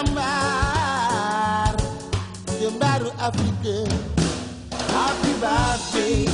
jàmbaar jàmbaaru Afrique happy birthday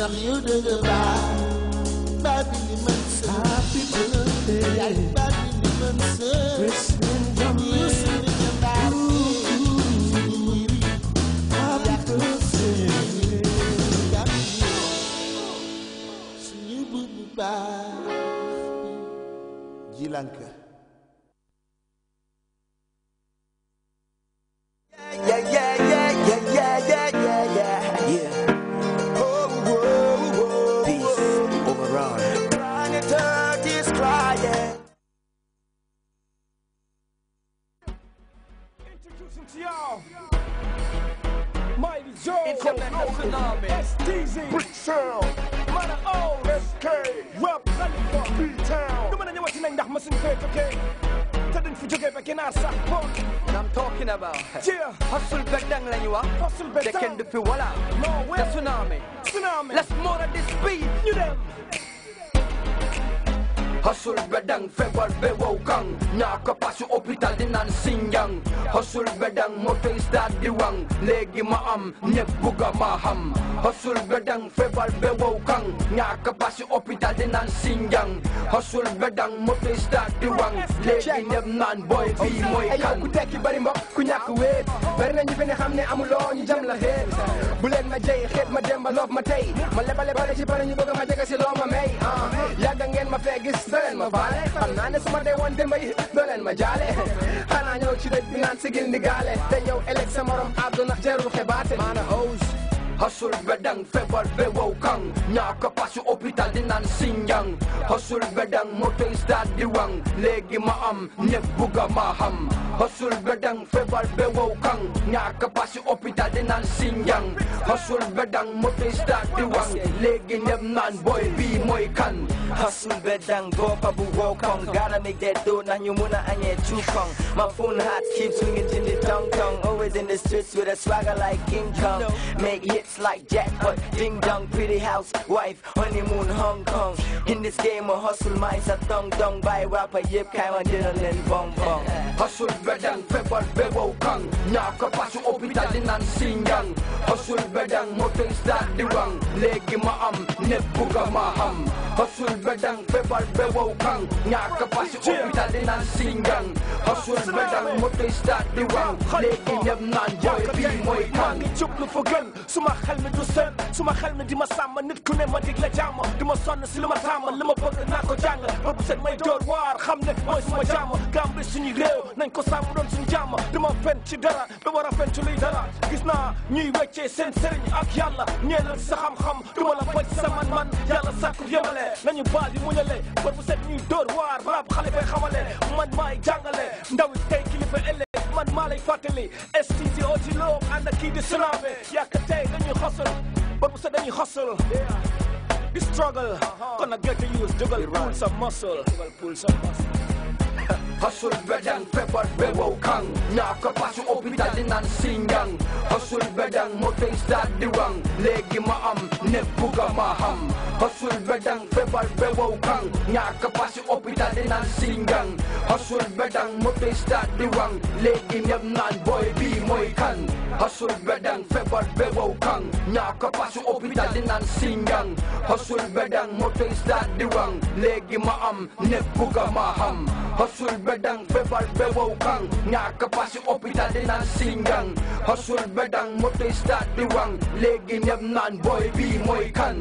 Nam you do the vibe. Baby, man's happy birthday. Baby, man's Christmas. You sing the vibe. Happy birthday. Sing you boo boo bye. Jilanka. International tsunami. I'm talking about. Yeah. Hustle bedang lang ywa. Hustle back They can do wala. No way. The tsunami. Tsunami. Let's more at this speed. You them. hasul bedang feebar be wow kang ñaa ko pasu hôpital di naan sinjang hasul bedang moo fay stade di wang léegi ma am ñëpp bugg a ma xam hasul bedang feebar be wow kang ñaa ko pasu hôpital di naan sinjang hasul bedang moo fay stade di wang léegi ñëpp naan boy bii mooy kan ku tekki bari mbokk ku ñàkk wéet bari na ñu fi ne xam ne amuloo ñu jam la xeet bu leen ma jëy xeet ma dem ba loof ma tey ma lebale bale ci pare ñu bëgg ma jege si loo ma may yàgg ngeen ma fee gis doo leen ma vale xam naa ne su ma dee woon démb yi doo leen ma jaale xanaa ñëw ci dëj bi naan sigil ndigaale te yow éleg sa morom àdduna jarul xebaate maana hose Hassul Bedang Fever Bewau Kang Nyaka pasu opital dinan sinyang Hasul Bedang motor dad diwang Legi maam nyek buga maham Hasul Bedang Fever Bewau Kang Nyaka pasu opital dinan sinyang Hasul Bedang motor dad diwang Legi nem nan boy bi moy kan Bedang go pabu wokong Gotta make that dough na nyumuna anye chukong My phone hot keeps swinging in the tongue Always in the streets with a swagger like King Kong Make hits it's like jackpot, ding dong, pretty housewife, honeymoon, Hong Kong. In this game of hustle, mine's a thong dong by rapper, yip, kind of adrenaline, bong bong. Hustle, bedang, pepper, bebo, kang. Nyaka pasu opitalin ng singgang. Hustle, bedang, motong star diwang. Legi ma maam, nebuga maham. Hustle, bedang, pepper, bebo, kang. Nyaka pasu opitalin ng singgang. Hustle, bedang, motong star diwang. Legi nem nan, boy, pimoy, kang. jublu fa gën suma xel mi du sën suma xel mi di ma sama nit ku ne ma dig la jàmm di ma sonn si li ma tàmm li ma bëgg naa ko jàng ba bu set may door waar xam ne mooy suma jàmm Gàmbi suñuy réew nañ ko sàmm doon suñu jàmm di ma fen ci dara da war a fen ci luy dara gis naa ñuy weccee seen sëriñ ak yàlla ñeenal sa xam-xam du ma la bañ sa man-man yàlla sàkku yemale nañu baal yi muñale ba bu set ñuy door waar rab xale bay xamale man maay jàngale ndaw man maa lay fàttali STC aussi loo ànd ak kii di Sonavé yàkka tey dañuy xosal ba bu sa dañuy xosal di struggle kon uh-huh. nag get to used jógal pull sa muscle hustle bread and pepper be wow kang naa ko pasu hôpital di naan singang xasul bedang moo tey stade di wang léegi ma am ne bugga ma xam xasul bedang feebar bewow kang ñaaka pasi hôpital di singang xasul bedang moo tey di wang léegi ñëpp naan booy bii mooy bedang feebar bewow kang ñaaka pasi hôpital di singang xasul bedang moo tey di wang léegi ma am ne bugga bedang bebal bebo kang Nyaka pasi opital dinan singgang rang moto start di wang léegi ñëpp naan boy bi mooy kan